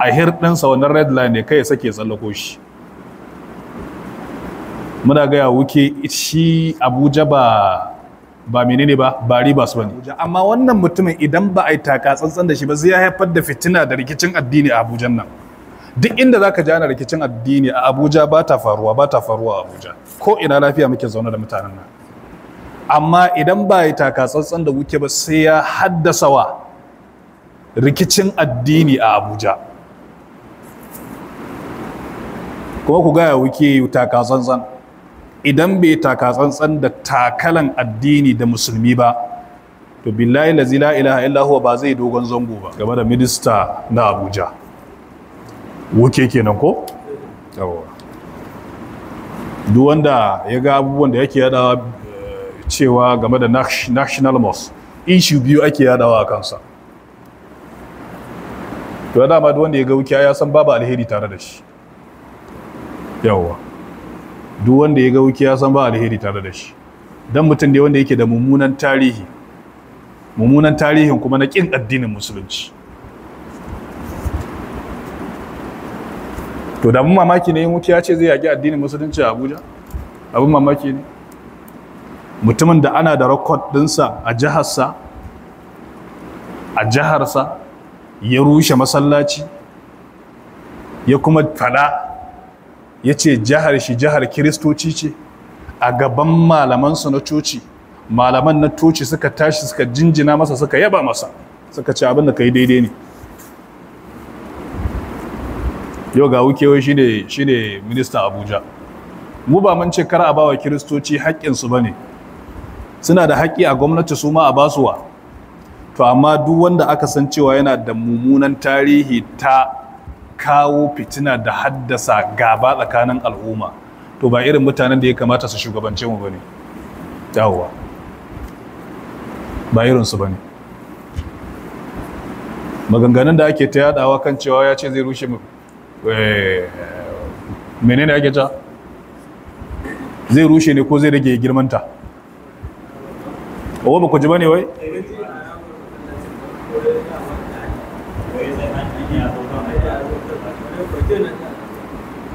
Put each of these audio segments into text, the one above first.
a hirɗinsa wannan red line ne kai sake tsallako shi muna gaya wuke shi abuja ba ba menene ba ba riba ba ne amma wannan mutumin idan ba a yi taka tsantsan da shi ba zai haifar da fitina da rikicin addini a abuja nan duk inda za ka jana rikicin addini a abuja ba ta faruwa ba ta faruwa a abuja ko ina lafiya muke zaune da mutanen nan amma idan ba yi taka tsantsan da wuke ba sai ya haddasa wa rikicin addini a abuja kuma ku gaya wuke takatsantsan idan bai takatsantsan da takalan addini da musulmi ba to billahi lazi la ilaha illa huwa ba zai dogon zango ba game da minista na abuja wuke kenan ko duk wanda ya ga abubuwan da yake yadawa eh, cewa game da national mosque ishu biyu ake yadawa a kansa to dama duk wanda ya ga wuke ya san babu alheri tare da shi yawwa duk wanda ya ga wuki ya san ba alheri tare da shi dan mutum ne wanda yake da mummunan tarihi mummunan tarihin kuma na kin addinin musulunci to da mun mamaki ne wuki ya ce zai yaki addinin musulunci a Abuja abin mamaki ne mutumin da ana da rekod dinsa a jiharsa a jiharsa ya rushe masallaci ya kuma fada ya ce jihar shi jihar kiristoci ce a gaban malamansu na coci malaman na coci suka tashi suka jinjina masa suka yaba masa suka ce abin da ka yi daidai ne yau ga wukewa shi ne ministan abuja mu ba mun ce kar a bawa kiristoci haƙƙinsu ba ne suna da haƙƙi a gwamnati su ma a basuwa to amma duk wanda aka san cewa yana da mummunan tarihi ta kawo fitina da haddasa gaba tsakanin al'umma to ba irin mutanen da ya kamata su shugabance mu bane yawwa ba irin su bane maganganun da ake ta yadawa kan cewa ya ce zai rushe mu eh, menene ake ta zai rushe ne ko zai rage girmanta ba ku ji bane wai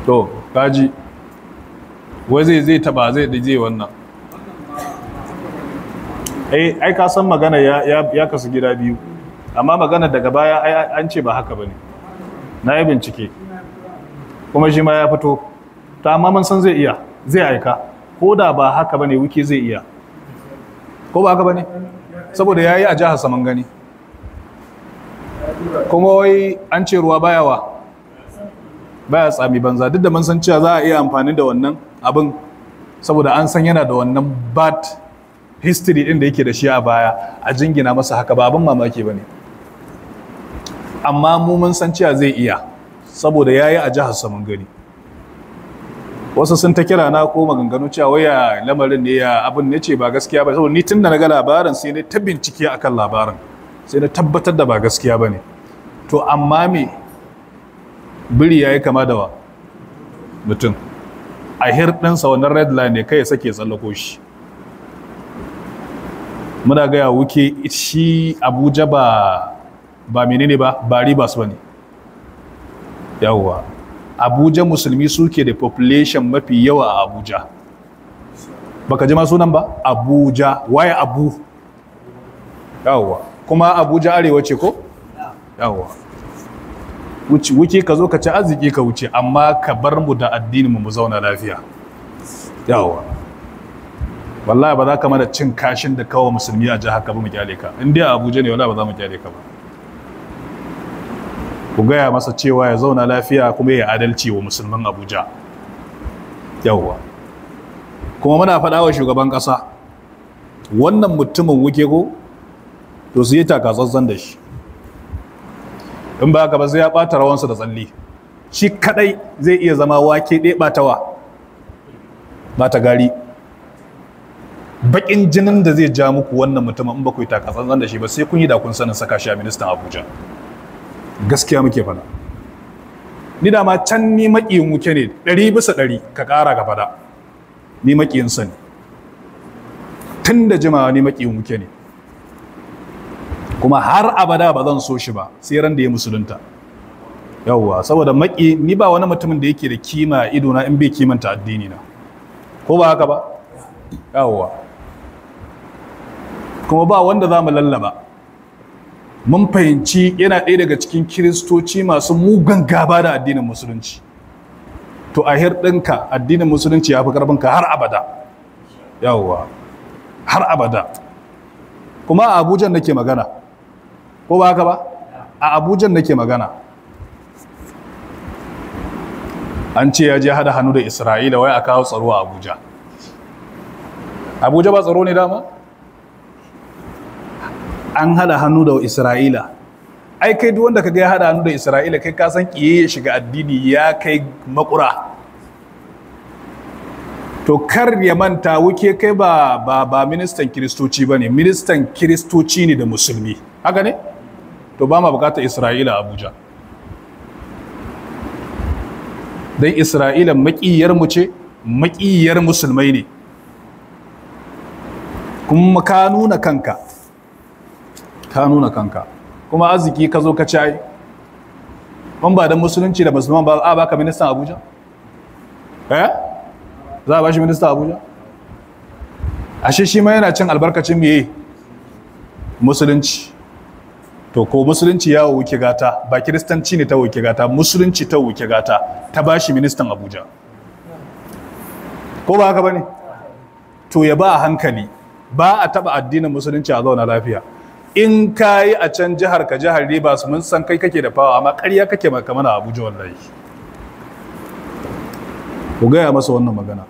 to kaji wai zai zai taba zai da zai wannan ai eh, ai ka san magana ya ya, kasu gida biyu amma magana daga baya ai an ce ba haka bane na yi bincike kuma shi ma ya fito ta amma mun san zai iya zai aika ko da ba haka bane wiki zai iya ko ba haka bane saboda yayi a jihar saman gani kuma wai an ce ruwa bayawa baya tsami banza duk da mun san cewa za a iya amfani da wannan abin saboda an san yana da wannan bad history din da yake da shi a baya a jingina masa haka ba abin mamaki ba ne amma mu mun san cewa zai iya saboda ya yi a jihar saman gari wasu sun ta kira na ko maganganu cewa waya lamarin ne ya abin ne ce ba gaskiya ba saboda ni tun da na ga labarin sai na ta bincike akan labarin sai na tabbatar da ba gaskiya ba ne to amma me biri ya yi kama da wa mutum a hirɗinsa wannan red line ne kai sake tsallako shi muna gaya wuke shi abuja ba ba menene ba ba su ba ne yawwa abuja musulmi suke da population mafi yawa a abuja baka ji masu sunan ba abuja waye abu yawwa kuma abuja arewa ce ko yawwa wuce ka zo ka ci arziki ka wuce amma ka bar mu da addini mu mu zauna lafiya yawa wallahi ba za ka mana cin kashin da kawo musulmi a jihar ka ba mu kyale ka in dai abuja ne wallahi ba za mu kyale ka ba ku gaya masa cewa ya zauna lafiya kuma ya adalci wa musulman abuja yawa kuma muna faɗa wa shugaban ƙasa wannan mutumin wuke ko to su yi takatsantsan da shi in ba ka ba sai ya ɓata rawansa da tsalli shi kadai zai iya zama wake ɗaya Ba ta gari bakin jinin da zai ja muku wannan mutumin in ba ku yi takatsantsan da shi ba sai kun yi da kun sanin saka shi a ministan abuja gaskiya muke fada ni dama can ni maƙiyin wuke ne ɗari bisa ɗari ka ƙara ka fada ni maƙiyin sani tun da jimawa ni maƙiyin wuke ne kuma har abada ba zan so shi ba sai ran da ya musulunta yawwa saboda maki ni ba wani mutumin da yake da kima a idona in bai kimanta addini na ko ba haka ba yawwa kuma ba wanda za mu lallaba mun fahimci yana ɗaya daga cikin kiristoci masu mugan gaba da addinin musulunci to a ɗinka addinin musulunci ya fi ƙarfinka har abada yawwa har abada kuma a abuja nake magana ko ba haka ba a abujan nake magana an ce ya je hada hannu da isra'ila wai a kawo tsaro a abuja abuja ba tsaro ne dama an hada hannu da isra'ila ai kai duk wanda ga ya hada hannu da isra'ila kai ka san kiye ya shiga addini ya kai makura to kar ya manta wuke kai ba ba, ministan kiristoci ba ne ministan kiristoci ne da musulmi haka ne? to ba ma bukatar isra'ila abuja don isra'ila maƙiyarmu ce maƙiyar musulmai ne kuma ka nuna kanka ka nuna kanka kuma arziki ka zo ka cayi ai ban ba da musulunci da musulman ba a baka ministan abuja eh za a ba shi ministan abuja ashe shi ma yana cin albarkacin mai musulunci to ko musulunci ya wuke gata ba kiristanci ne ta wuke gata musulunci ta wuke gata ta bashi ministan abuja ko ba haka ne to ya ba a hankali ba a taba addinin musulunci a zauna lafiya in ka yi a can jihar ka jihar su mun san kai kake da fawa amma karya kake kamar a abuja wallahi ku gaya masa wannan magana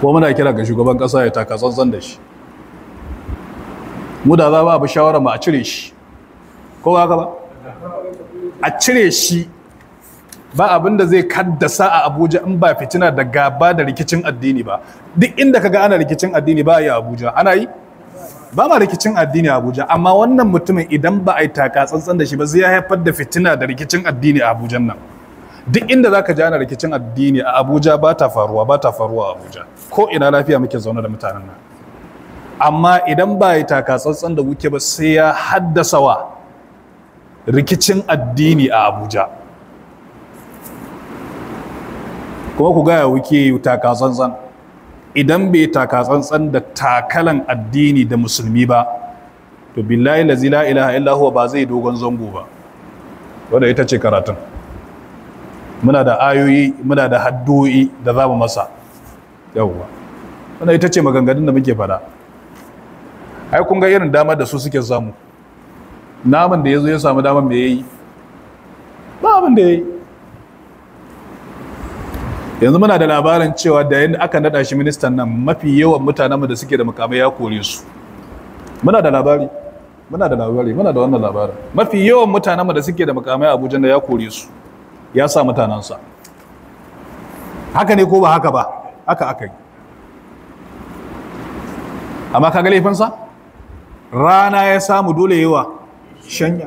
ko muna kira ga shugaban ƙasa ya taka tsantsan da shi Muda za ba abu shawara mu a cire shi ko ba ba a cire shi ba abin da zai kaddasa a Abuja in ba fitina da gaba da rikicin addini ba duk inda kaga ana rikicin addini ba yi Abuja ana yi ba ma rikicin addini Abuja amma wannan mutumin idan ba a yi taka tsantsan da shi ba zai haifar da fitina da rikicin addini a Abuja nan duk inda za ka ji ana rikicin addini a Abuja ba ta faruwa ba ta faruwa a Abuja ko ina lafiya muke zaune da mutanen nan amma idan ba ya takatsantsan da wuke ba sai ya haddasa wa rikicin addini a abuja kuma ku gaya wuke takatsantsan idan bai takatsantsan da takalan addini da musulmi ba to billahi lazi la ilaha illahu ba zai dogon zango ba wadda ita ce karatun muna da ayoyi muna da haddoyi da za mu masa yawwa wadda ita ce maganganun da muke fada ai kun ga irin damar da su suke samu namun da ya zo ya samu damar me ya yi ba abin da ya yi yanzu muna da labarin cewa da yadda aka nada shi ministan nan mafi yawan mutanenmu da suke da mukamai ya kore su muna da labari muna da labari muna da wannan labarin mafi yawan mutanenmu da suke da mukamai abuja da ya kore su ya sa mutanensa haka ne ko ba haka ba haka aka yi amma kaga laifinsa rana ya samu dole yawa shanya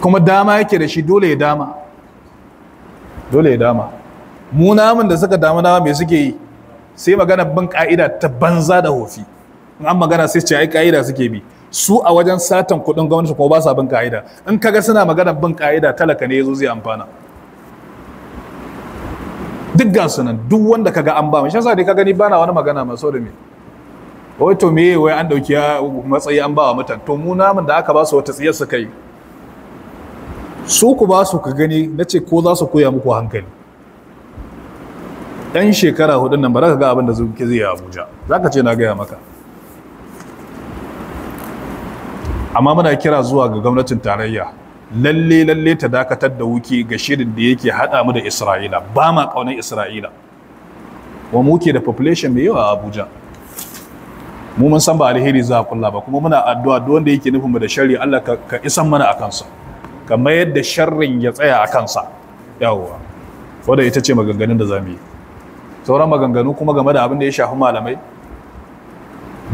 kuma dama yake da shi dole ya dama dole ya dama muna namun da suka damu dama mai suke yi sai magana bin ka'ida ta banza da hofi in an magana sai ce ai ka'ida suke bi su a wajen satan kudin gwamnati kuma ba sa bin ka'ida in kaga suna magana bin ka'ida talaka ne yazo zai amfana duk ga nan duk wanda kaga an ba mu shi yasa dai ka gani bana wani magana mai sau da me wai to me wai an dauki matsayi an bawa mutan to mu namun da aka ba su wata tsiyar su kai su ku ba su ka gani na ce ko za su koya muku hankali ɗan shekara hudun nan ba za ka ga abin da zuke zai yi abuja za ka ce na gaya maka amma muna kira zuwa ga gwamnatin tarayya lalle lalle ta dakatar da wuki ga shirin da yake haɗa mu da isra'ila ba ma ƙaunar isra'ila wa muke da population mai yawa a abuja mu mun san ba alheri za a kulla ba kuma muna addu'a duk wanda yake nufin mu da sharri Allah ka isan mana akan sa ka mayar da sharrin ya tsaya akan sa yawwa wanda ita ce maganganun da zamu yi sauran maganganu kuma game da abin da ya shafi malamai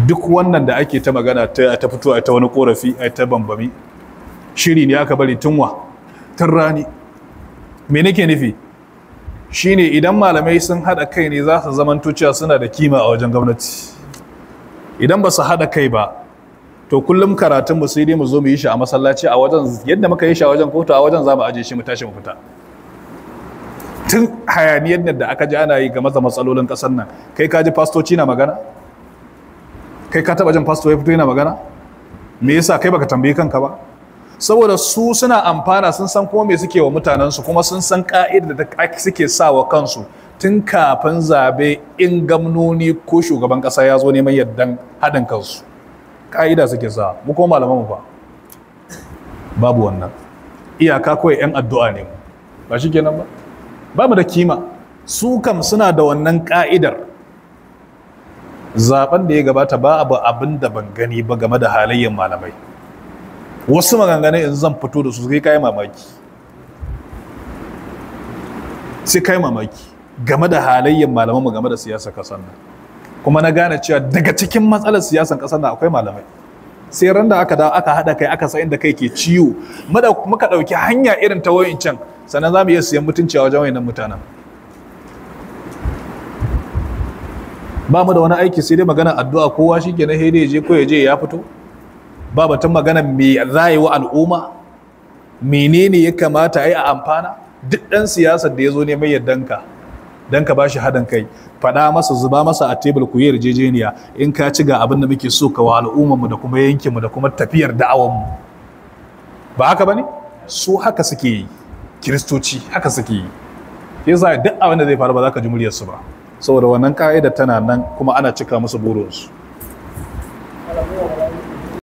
duk wannan da ake ta magana ta ta fito a ta wani korafi a ta bambami shiri ne aka bari tunwa tun rani me nake nufi shine idan malamai sun haɗa kai ne za su zamanto cewa suna da kima a wajen gwamnati idan ba su haɗa kai ba to kullum karatun mu sai dai mu zo mu yi shi a masallaci a wajen yadda muka yi shi a wajen kotu a wajen za mu aje shi mu tashi mu fita tun hayaniyar da aka ji ana yi game da matsalolin ƙasar nan kai ka ji fastoci na magana kai ka taɓa jin fasto ya fito yana magana me yasa kai baka tambayi kanka ba saboda su suna amfana sun san kuma me suke wa mutanensu kuma sun san ka'idar da suke sa wa kansu tun kafin zabe in gamnoni ko shugaban ƙasa ya zo neman yaddan haɗin kansu ƙa'ida suke sa mu koma malaman mu fa babu wannan iyaka kawai 'yan addu'a ne mu ba shi kenan ba ba mu da kima su kam suna da wannan ka'idar zaben da ya gabata ba abu abin da ban gani ba game da halayyar malamai wasu maganganu in zan fito da su sai kai mamaki sai kai mamaki game da halayyar malamanmu game da siyasar kasar nan kuma na gane cewa daga cikin matsalar siyasar kasar nan akwai malamai sai ran da aka dawo aka haɗa kai aka san inda kai ke ciwo muka ɗauki hanya irin ta wayoyin can sannan za mu iya siyan mutunci a wajen wayoyin mutanen ba mu da wani aiki sai dai magana addu'a kowa shi ke na hede je ko ya je ya fito ba batun magana me za yi wa al'umma menene ya kamata a yi a amfana duk ɗan siyasar da ya zo neman yardanka dan ka bashi haɗin kai faɗa masa zuba masa a tebul ku yarjejeniya in ka ci ga abin da muke so ka wa al'ummar mu da kuma yankin mu da kuma tafiyar da'awar mu ba haka bane su haka suke yi kiristoci haka suke yi yasa duk abin da zai faru ba za ka ji muryar su ba saboda wannan ka'ida tana nan kuma ana cika musu burinsu